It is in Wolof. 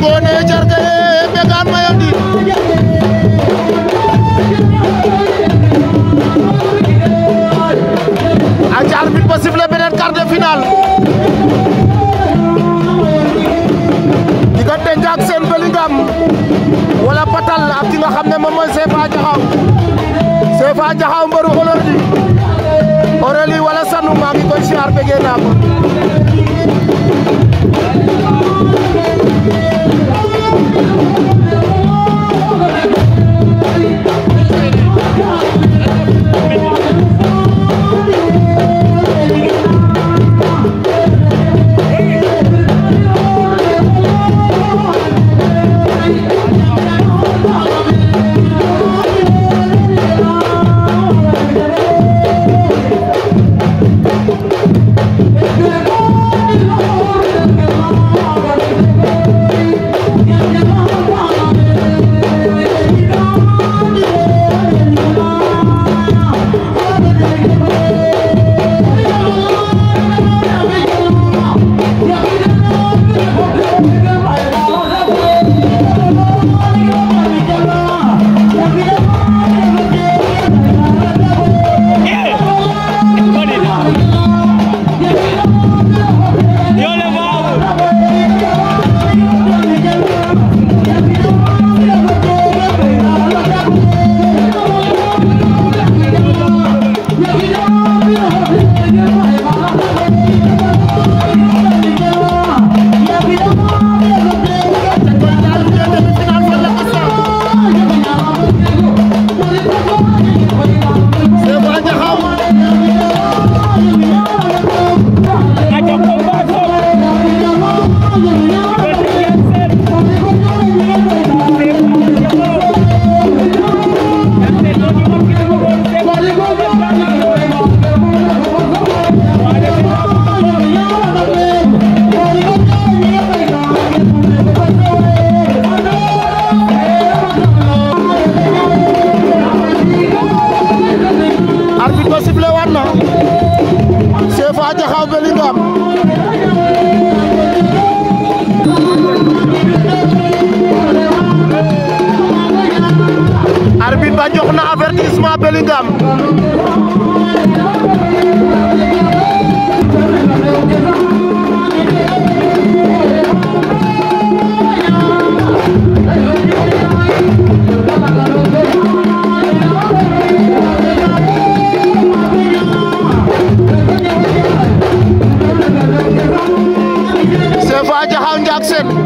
Ngoné Jarga e Mbekane Mayone aca arbitre ba sifflé beneen quart de finale diggante Ndiak Sène Bellingham wala Patal ak ki nga xam ne moom mooy Sefa Jaxaw Sefa Jaxaw mbëru xolor di Aurélie Sanu maa ngi koy siyaar bëggee naa ko ñëwaat na CFA Diakhao ba jox na avertissement Bellingham box him.